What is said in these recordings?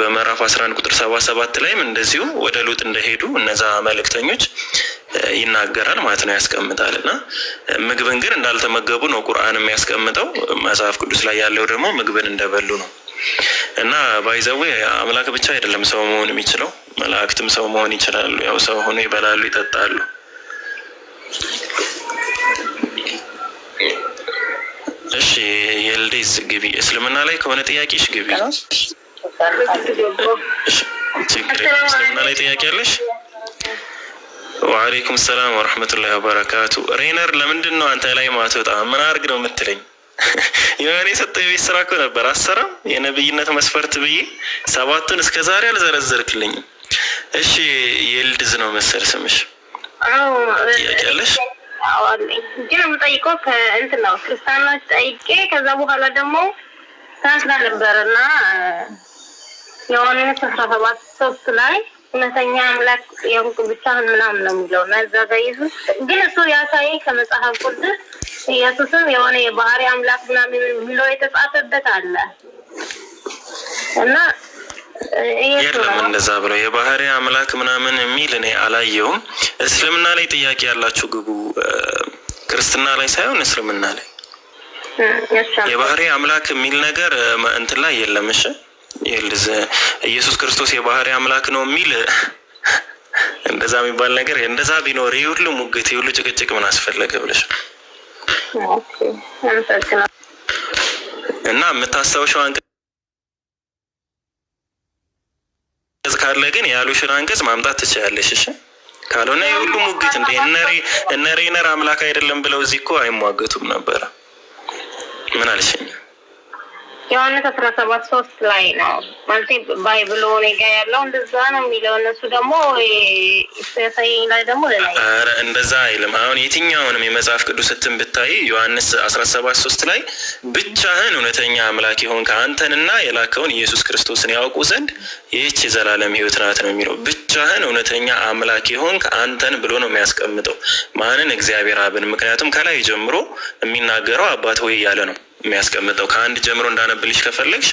በምዕራፍ 11 ቁጥር 77 ላይም እንደዚሁ ወደ ሉጥ እንደሄዱ እነዛ መልእክተኞች ይናገራል ማለት ነው ያስቀምጣል። እና ምግብን ግን እንዳልተመገቡ ነው ቁርአን የሚያስቀምጠው። መጽሐፍ ቅዱስ ላይ ያለው ደግሞ ምግብን እንደበሉ ነው። እና ባይዘዌ አምላክ ብቻ አይደለም ሰው መሆን የሚችለው መላእክትም ሰው መሆን ይችላሉ። ያው ሰው ሆኖ ይበላሉ፣ ይጠጣሉ። እሺ የልዴዝ ግቢ እስልምና ላይ ከሆነ ጥያቄሽ ግቢ እስልምና ላይ ጥያቄ አለሽ? ወአሌይኩም ሰላም ወረህመቱላሂ ወበረካቱ። ሬነር ለምንድን ነው አንተ ላይ ማትወጣ? ምን አርግ ነው የምትለኝ? የሆነ የሰጠ የቤት ስራ እኮ ነበር አሰራም የነብይነት መስፈርት ብዬ ሰባቱን እስከ ዛሬ አልዘረዘርክልኝም። እሺ የልድዝ ነው መሰል ስምሽ። ጥያቄ አለሽ? ግን የምጠይቀው ከእንትን ነው ክርስቲያኖች ጠይቄ ከዛ በኋላ ደግሞ ትናንትና ነበር እና የዮሐንስ አስራ ሰባት ሶስት ላይ እውነተኛ አምላክ የሩቅ ብቻህን ምናምን ነው የሚለው እና ኢየሱስ ግን እሱ ያሳይ ከመጽሐፍ ቅዱስ ኢየሱስም የሆነ የባህሪ አምላክ ምናምን የሚለው የተጻፈበት አለ እና የለም እንደዛ ብለው የባህሪ አምላክ ምናምን የሚል እኔ አላየውም። እስልምና ላይ ጥያቄ ያላችሁ ግቡ። ክርስትና ላይ ሳይሆን እስልምና ላይ የባህሪ አምላክ የሚል ነገር እንትን ላይ የለም። እሺ ይልዝ ኢየሱስ ክርስቶስ የባህሪ አምላክ ነው የሚል እንደዛ የሚባል ነገር እንደዛ ቢኖር ይህ ሁሉ ሙግት፣ ይህ ሁሉ ጭቅጭቅ ምን አስፈለገ ብለሽ እና የምታስታውሸው አንቀጽ ካለ ግን ያሉሽን አንቀጽ ማምጣት ትችላለሽ። እሺ ካልሆነ የሁሉ ሙግት እንደ እነሬነር አምላክ አይደለም ብለው እዚህ እኮ አይሟገቱም ነበረ። ምን አልሽኝ? ዮሐንስ አስራ ሰባት ሶስት ላይ ነው ማለት ባይብሎ ኔጋ ያለው እንደዛ ነው የሚለው። እነሱ ደግሞ ሳይ ላይ ደግሞ ኧረ እንደዛ አይልም። አሁን የትኛውንም የመጽሐፍ ቅዱስ ህትን ብታይ ዮሐንስ አስራ ሰባት ሶስት ላይ ብቻህን እውነተኛ አምላክ የሆን ከአንተንና የላከውን ኢየሱስ ክርስቶስን ያውቁ ዘንድ ይህች የዘላለም ህይወት ናት ነው የሚለው። ብቻህን እውነተኛ አምላክ የሆን ከአንተን ብሎ ነው የሚያስቀምጠው ማንን? እግዚአብሔር አብን። ምክንያቱም ከላይ ጀምሮ የሚናገረው አባት ወይ እያለ ነው የሚያስቀምጠው ከአንድ ጀምሮ እንዳነብልሽ ከፈለግሽ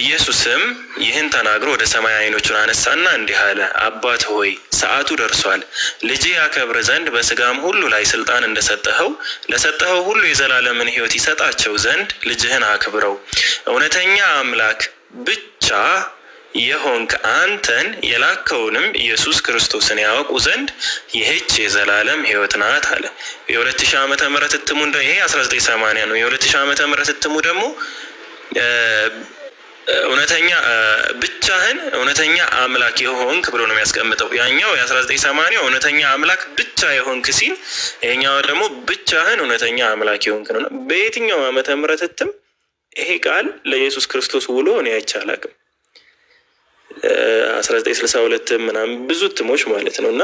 ኢየሱስም ይህን ተናግሮ ወደ ሰማይ ዓይኖቹን አነሳና እንዲህ አለ፣ አባት ሆይ ሰዓቱ ደርሷል። ልጅ ያከብር ዘንድ በስጋም ሁሉ ላይ ስልጣን እንደሰጠኸው ለሰጠኸው ሁሉ የዘላለምን ሕይወት ይሰጣቸው ዘንድ ልጅህን አክብረው። እውነተኛ አምላክ ብቻ የሆንክ አንተን የላከውንም ኢየሱስ ክርስቶስን ያወቁ ዘንድ ይህች የዘላለም ህይወት ናት አለ። የሁለት ሺህ ዓመተ ምህረት እትሙ እንደ ይሄ አስራ ዘጠኝ ሰማንያ ነው። የሁለት ሺህ ዓመተ ምህረት እትሙ ደግሞ እውነተኛ ብቻህን እውነተኛ አምላክ የሆንክ ብሎ ነው የሚያስቀምጠው። ያኛው የ1980 እውነተኛ አምላክ ብቻ የሆንክ ሲል፣ ይሄኛው ደግሞ ብቻህን እውነተኛ አምላክ የሆንክ ነው። በየትኛው ዓመተ ምህረት እትም ይሄ ቃል ለኢየሱስ ክርስቶስ ውሎ እኔ አይቼ አላውቅም። 1962 ምናምን ብዙ እትሞች ማለት ነው። እና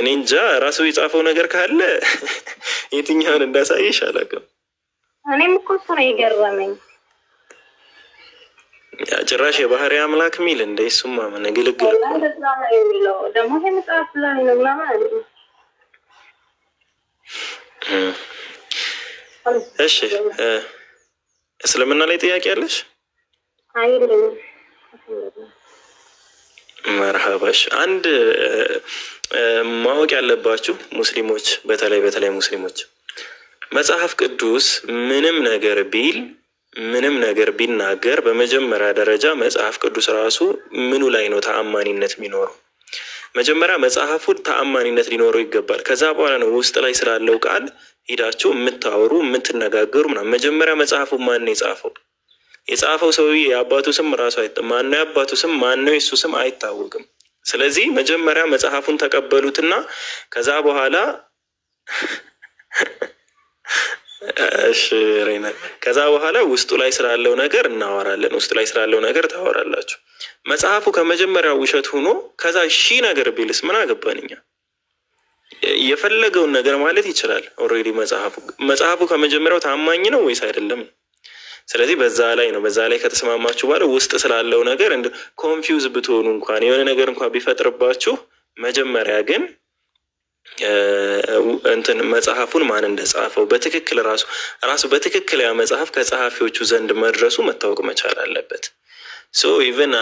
እኔ እንጃ ራሱ የጻፈው ነገር ካለ የትኛውን እንዳሳየሽ አላውቅም። እኔም እኮ እሱ ነው የገረመኝ። ጭራሽ የባህሪ አምላክ ሚል እንደ እሱማ ምን ግልግል ደግሞ መጽሐፍ ላይ ነው ምናምን። እሺ እስልምና ላይ ጥያቄ አለሽ? አይ መርሃባሽ አንድ ማወቅ ያለባችሁ ሙስሊሞች፣ በተለይ በተለይ ሙስሊሞች መጽሐፍ ቅዱስ ምንም ነገር ቢል ምንም ነገር ቢናገር በመጀመሪያ ደረጃ መጽሐፍ ቅዱስ ራሱ ምኑ ላይ ነው ተአማኒነት የሚኖረው? መጀመሪያ መጽሐፉን ተአማኒነት ሊኖረው ይገባል። ከዛ በኋላ ነው ውስጥ ላይ ስላለው ቃል ሂዳችሁ የምታወሩ የምትነጋገሩ ምናምን። መጀመሪያ መጽሐፉ ማን ነው የጻፈው? የጻፈው ሰውዬ የአባቱ ስም ራሱ አይጠ ማነው የአባቱ ስም ማነው የሱ ስም አይታወቅም። ስለዚህ መጀመሪያ መጽሐፉን ተቀበሉትና ከዛ በኋላ እሺ ሬና፣ ከዛ በኋላ ውስጡ ላይ ስላለው ነገር እናወራለን። ውስጡ ላይ ስላለው ነገር ታወራላችሁ። መጽሐፉ ከመጀመሪያው ውሸት ሆኖ ከዛ ሺ ነገር ቢልስ ምን አገባን እኛ? የፈለገውን ነገር ማለት ይችላል። ኦልሬዲ መጽሐፉ መጽሐፉ ከመጀመሪያው ታማኝ ነው ወይስ አይደለም? ስለዚህ በዛ ላይ ነው በዛ ላይ ከተስማማችሁ በኋላ ውስጥ ስላለው ነገር እንደ ኮንፊውዝ ብትሆኑ እንኳን የሆነ ነገር እንኳን ቢፈጥርባችሁ መጀመሪያ ግን እንትን መጽሐፉን ማን እንደጻፈው በትክክል ራሱ ራሱ በትክክል ያ መጽሐፍ ከጸሐፊዎቹ ዘንድ መድረሱ መታወቅ መቻል አለበት። ሶ ኢቨን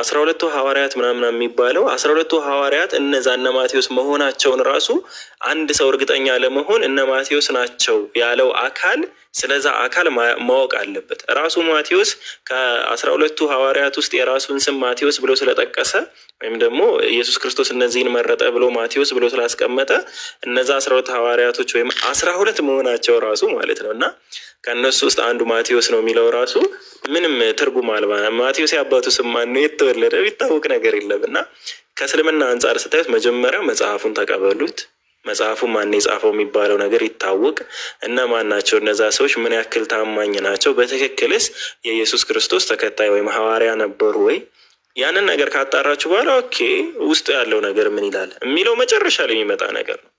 አስራ ሁለቱ ሐዋርያት ምናምን የሚባለው አስራ ሁለቱ ሐዋርያት እነዛ እነ ማቴዎስ መሆናቸውን ራሱ አንድ ሰው እርግጠኛ ለመሆን እነ ማቴዎስ ናቸው ያለው አካል ስለዛ አካል ማወቅ አለበት። ራሱ ማቴዎስ ከአስራ ሁለቱ ሐዋርያት ውስጥ የራሱን ስም ማቴዎስ ብሎ ስለጠቀሰ ወይም ደግሞ ኢየሱስ ክርስቶስ እነዚህን መረጠ ብሎ ማቴዎስ ብሎ ስላስቀመጠ እነዛ አስራ ሁለት ሐዋርያቶች ወይም አስራ ሁለት መሆናቸው ራሱ ማለት ነው እና ከእነሱ ውስጥ አንዱ ማቴዎስ ነው የሚለው ራሱ ምንም ትርጉም አልባ ማቴዎስ የአባቱ ስም ነው የተወለደ ቢታወቅ ነገር የለም እና ከእስልምና አንጻር ስታዩት መጀመሪያ መጽሐፉን ተቀበሉት መጽሐፉ ማን የጻፈው የሚባለው ነገር ይታወቅ እና ማን ናቸው እነዛ ሰዎች ምን ያክል ታማኝ ናቸው በትክክልስ የኢየሱስ ክርስቶስ ተከታይ ወይም ሐዋርያ ነበሩ ወይ ያንን ነገር ካጣራችሁ በኋላ ኦኬ ውስጡ ያለው ነገር ምን ይላል የሚለው መጨረሻ ላይ የሚመጣ ነገር ነው።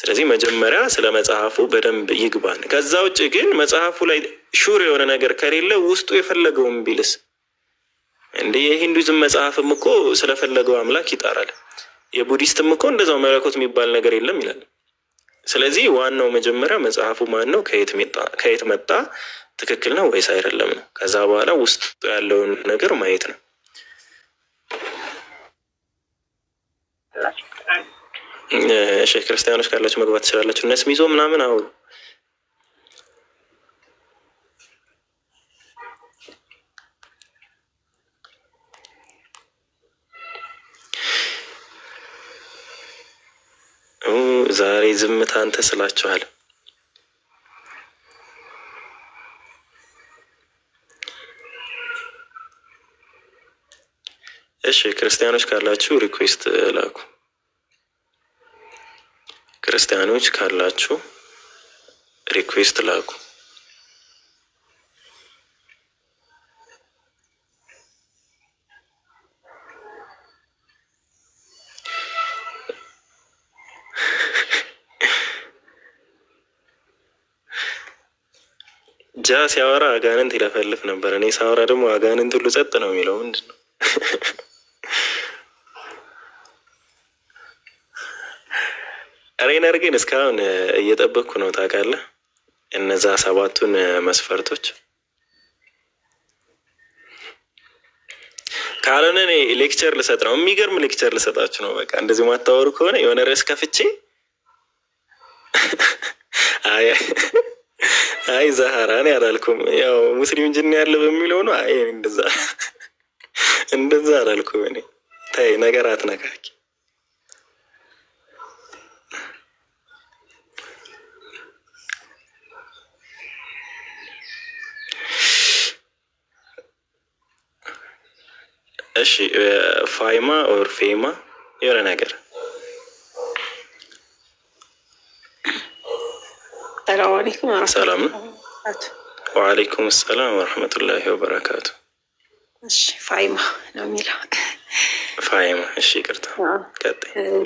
ስለዚህ መጀመሪያ ስለ መጽሐፉ በደንብ ይግባን። ከዛ ውጭ ግን መጽሐፉ ላይ ሹር የሆነ ነገር ከሌለ ውስጡ የፈለገውን ቢልስ እንደ የሂንዱዝም መጽሐፍም እኮ ስለፈለገው አምላክ ይጣራል። የቡዲስትም እኮ እንደዛው መለኮት የሚባል ነገር የለም ይላል። ስለዚህ ዋናው መጀመሪያ መጽሐፉ ማን ነው፣ ከየት መጣ፣ ትክክል ነው ወይስ አይደለም ነው። ከዛ በኋላ ውስጡ ያለውን ነገር ማየት ነው። እሺ ክርስቲያኖች ካላችሁ መግባት ትችላላችሁ። እነ ይዞ ምናምን አውሩ። ዛሬ ዝምታ አንተ ስላችኋል እሺ ክርስቲያኖች ካላችሁ ሪኩዌስት ላኩ። ክርስቲያኖች ካላችሁ ሪኩዌስት ላኩ። ጃ ሲያወራ አጋንንት ይለፈልፍ ነበር። እኔ ሳወራ ደግሞ አጋንንት ሁሉ ጸጥ ነው የሚለው ምንድን ነው? የሚያደርገኝ እስካሁን እየጠበቅኩ ነው ታውቃለህ። እነዛ ሰባቱን መስፈርቶች ካልሆነ እኔ ሌክቸር ልሰጥ ነው። የሚገርም ሌክቸር ልሰጣችሁ ነው። በቃ እንደዚህ ማታወሩ ከሆነ የሆነ ርዕስ ከፍቼ አይ አይ ዛህራ እኔ አላልኩም፣ ያው ሙስሊም ጅን ያለ በሚለው ነው። አይ እንደዛ እንደዛ አላልኩም እኔ። ተይ ነገር አትነካኪ እሺ ፋይማ ኦር ፌማ የሆነ ነገር ሰላም ነው። ወአለይኩም ሰላም ወረህመቱላሂ ወበረካቱ። ፋይማ ነው የሚለው ፋይማ። እሺ ቅርታ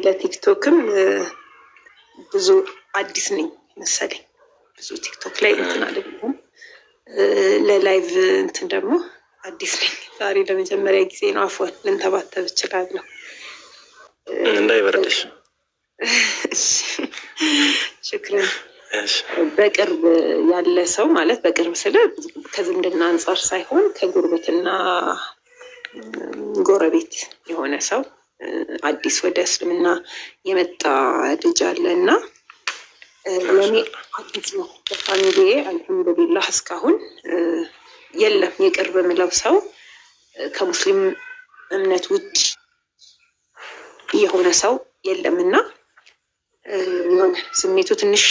ለቲክቶክም ብዙ አዲስ ነኝ መሰለኝ ብዙ ቲክቶክ ላይ እንትን አለ ለላይቭ እንትን ደግሞ አዲስ ነኝ። ዛሬ ለመጀመሪያ ጊዜ ነው አፎን ልንተባተብ እችላለሁ። እንዳይበርድሽ። ሽክርን በቅርብ ያለ ሰው ማለት በቅርብ ስለ ከዝምድና አንጻር ሳይሆን ከጉርብትና ጎረቤት የሆነ ሰው አዲስ ወደ እስልምና የመጣ ልጅ አለ እና ለእኔ አዲስ ነው በፋሚሊዬ አልሐምዱሊላህ እስካሁን የለም ይቅር በምለው ሰው ከሙስሊም እምነት ውጭ የሆነ ሰው የለም እና የሆነ ስሜቱ ትንሽ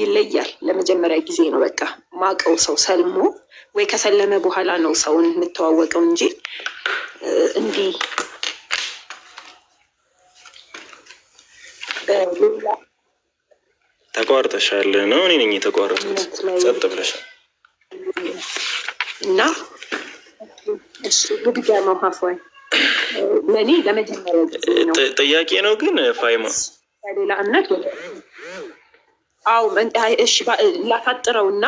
ይለያል። ለመጀመሪያ ጊዜ ነው በቃ ማቀው ሰው ሰልሞ ወይ ከሰለመ በኋላ ነው ሰውን የምተዋወቀው እንጂ እንዲህ ተቋርጠሻል ነው። እኔ ነኝ የተቋረጥኩት። ጸጥ ብለሻል። እና ግድግዳማው ሀፍዋይ ለእኔ ለመጀመሪያ ነው። ጥያቄ ነው ግን ፋይማ ሌላ እምነት ወደ አዎ ላፋጥረው እና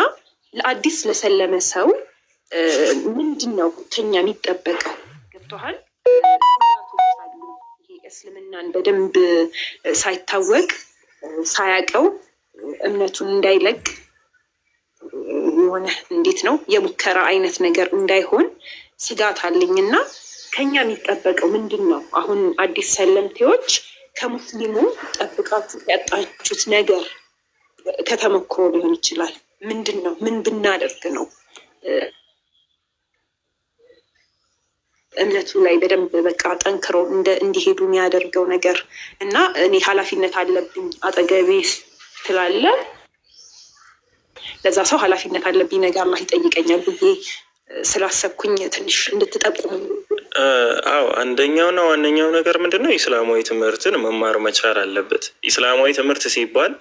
ለአዲስ ለሰለመ ሰው ምንድን ነው ከኛ የሚጠበቀው? ገብቶሃል? እስልምናን በደንብ ሳይታወቅ ሳያቀው እምነቱን እንዳይለቅ የሆነ እንዴት ነው የሙከራ አይነት ነገር እንዳይሆን ስጋት አለኝ እና ከኛ የሚጠበቀው ምንድን ነው? አሁን አዲስ ሰለምቴዎች ከሙስሊሙ ጠብቃችሁ ያጣችሁት ነገር ከተሞክሮ ሊሆን ይችላል። ምንድን ነው? ምን ብናደርግ ነው እምነቱ ላይ በደንብ በቃ ጠንክረው እንዲሄዱ የሚያደርገው ነገር እና እኔ ኃላፊነት አለብኝ አጠገቤ ስላለ ለዛ ሰው ኃላፊነት አለብኝ ነገ አላህ ይጠይቀኛል ብዬ ስላሰብኩኝ ትንሽ እንድትጠቁሙ። አዎ አንደኛውና ዋነኛው ነገር ምንድን ነው ኢስላማዊ ትምህርትን መማር መቻል አለበት። ኢስላማዊ ትምህርት ሲባል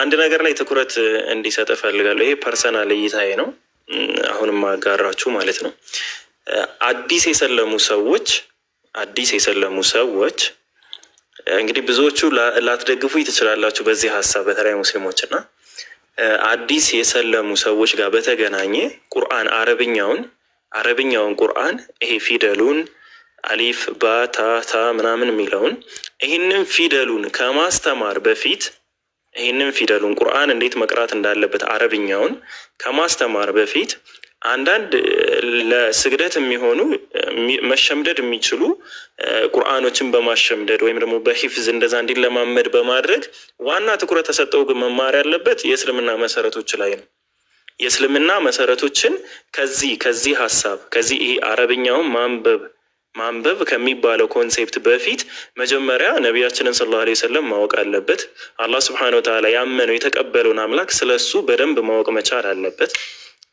አንድ ነገር ላይ ትኩረት እንዲሰጥ እፈልጋለሁ። ይሄ ፐርሰናል እይታዬ ነው፣ አሁንም አጋራችሁ ማለት ነው። አዲስ የሰለሙ ሰዎች አዲስ የሰለሙ ሰዎች እንግዲህ ብዙዎቹ ላትደግፉኝ ትችላላችሁ በዚህ ሀሳብ በተለይ ሙስሊሞች እና አዲስ የሰለሙ ሰዎች ጋር በተገናኘ ቁርአን አረብኛውን አረብኛውን ቁርአን ይሄ ፊደሉን አሊፍ ባታታ ምናምን የሚለውን ይህንን ፊደሉን ከማስተማር በፊት ይህንን ፊደሉን ቁርአን እንዴት መቅራት እንዳለበት አረብኛውን ከማስተማር በፊት አንዳንድ ለስግደት የሚሆኑ መሸምደድ የሚችሉ ቁርአኖችን በማሸምደድ ወይም ደግሞ በሂፍዝ እንደዛ እንዲለማመድ በማድረግ ዋና ትኩረት ተሰጠው ግን መማር ያለበት የእስልምና መሰረቶች ላይ ነው። የእስልምና መሰረቶችን ከዚህ ከዚህ ሀሳብ ከዚህ ይሄ አረብኛውን ማንበብ ማንበብ ከሚባለው ኮንሴፕት በፊት መጀመሪያ ነቢያችንን ስለ ላ ሰለም ማወቅ አለበት። አላህ ስብሐነሁ ወተዓላ ያመነው የተቀበለውን አምላክ ስለሱ በደንብ ማወቅ መቻል አለበት።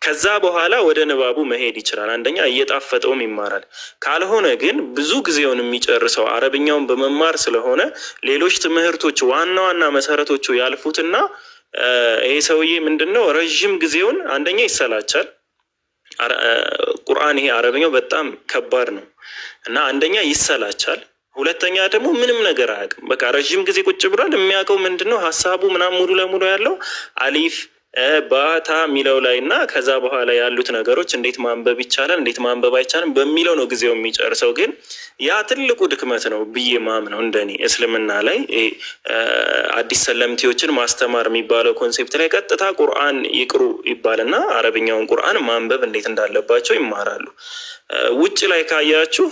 ከዛ በኋላ ወደ ንባቡ መሄድ ይችላል። አንደኛ እየጣፈጠውም ይማራል። ካልሆነ ግን ብዙ ጊዜውን የሚጨርሰው አረብኛውን በመማር ስለሆነ ሌሎች ትምህርቶች ዋና ዋና መሰረቶቹ ያልፉትና ይሄ ሰውዬ ምንድን ነው ረዥም ጊዜውን አንደኛ ይሰላቻል። ቁርአን ይሄ አረብኛው በጣም ከባድ ነው እና አንደኛ ይሰላቻል። ሁለተኛ ደግሞ ምንም ነገር አያውቅም። በቃ ረዥም ጊዜ ቁጭ ብሏል። የሚያውቀው ምንድን ነው ሀሳቡ ምናምን ሙሉ ለሙሉ ያለው አሊፍ ባታ የሚለው ላይ እና ከዛ በኋላ ያሉት ነገሮች እንዴት ማንበብ ይቻላል፣ እንዴት ማንበብ አይቻልም በሚለው ነው ጊዜው የሚጨርሰው። ግን ያ ትልቁ ድክመት ነው ብዬ ማም ነው እንደኔ እስልምና ላይ አዲስ ሰለምቴዎችን ማስተማር የሚባለው ኮንሴፕት ላይ ቀጥታ ቁርአን ይቅሩ ይባልና አረብኛውን ቁርአን ማንበብ እንዴት እንዳለባቸው ይማራሉ። ውጭ ላይ ካያችሁ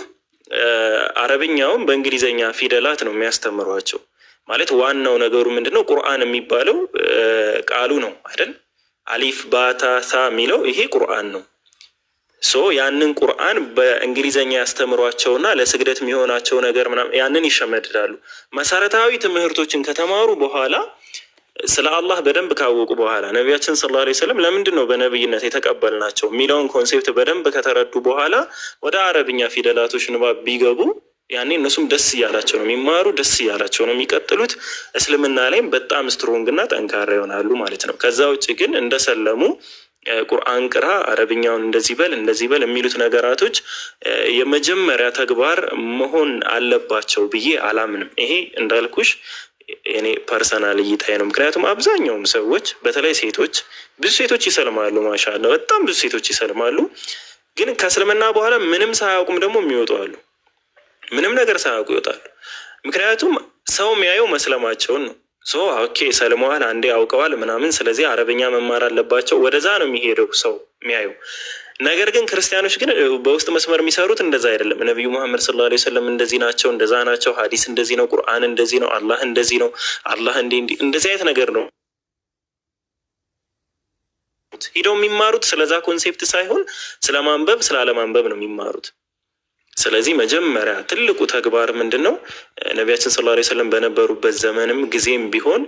አረብኛውን በእንግሊዝኛ ፊደላት ነው የሚያስተምሯቸው ማለት ዋናው ነገሩ ምንድን ነው? ቁርአን የሚባለው ቃሉ ነው አይደል? አሊፍ ሳ የሚለው ይሄ ቁርአን ነው። ሶ ያንን ቁርአን በእንግሊዘኛ ያስተምሯቸውና ለስግደት የሚሆናቸው ነገር ምናምን ያንን ይሸመድዳሉ። መሰረታዊ ትምህርቶችን ከተማሩ በኋላ ስለ አላህ በደንብ ካወቁ በኋላ ነቢያችን ስለ ላ ስለም ለምንድን ነው በነቢይነት የተቀበልናቸው የሚለውን ኮንሴፕት በደንብ ከተረዱ በኋላ ወደ አረብኛ ፊደላቶች ንባብ ቢገቡ ያኔ እነሱም ደስ እያላቸው ነው የሚማሩ፣ ደስ እያላቸው ነው የሚቀጥሉት። እስልምና ላይም በጣም ስትሮንግ እና ጠንካራ ይሆናሉ ማለት ነው። ከዛ ውጭ ግን እንደሰለሙ ቁርአን ቅራ፣ አረብኛውን እንደዚህ በል እንደዚህ በል የሚሉት ነገራቶች የመጀመሪያ ተግባር መሆን አለባቸው ብዬ አላምንም። ይሄ እንዳልኩሽ እኔ ፐርሰናል እይታ ነው። ምክንያቱም አብዛኛውም ሰዎች በተለይ ሴቶች ብዙ ሴቶች ይሰልማሉ። ማሻአላ በጣም ብዙ ሴቶች ይሰልማሉ። ግን ከእስልምና በኋላ ምንም ሳያውቁም ደግሞ የሚወጡ አሉ። ምንም ነገር ሳያውቁ ይወጣሉ። ምክንያቱም ሰው የሚያየው መስለማቸውን ነው። ኦኬ ሰልመዋል፣ አንዴ አውቀዋል ምናምን፣ ስለዚህ አረብኛ መማር አለባቸው። ወደዛ ነው የሚሄደው ሰው የሚያየው ነገር ግን ክርስቲያኖች ግን በውስጥ መስመር የሚሰሩት እንደዛ አይደለም። ነቢዩ መሐመድ ስለ ላ ሰለም እንደዚህ ናቸው፣ እንደዛ ናቸው፣ ሀዲስ እንደዚህ ነው፣ ቁርአን እንደዚህ ነው፣ አላህ እንደዚህ ነው፣ አላህ እንዲ እንደዚህ አይነት ነገር ነው ሂደው የሚማሩት። ስለዛ ኮንሴፕት ሳይሆን ስለ አለማንበብ ስላለማንበብ ነው የሚማሩት። ስለዚህ መጀመሪያ ትልቁ ተግባር ምንድን ነው? ነቢያችን ሰለላሁ ዐለይሂ በነበሩበት ዘመንም ጊዜም ቢሆን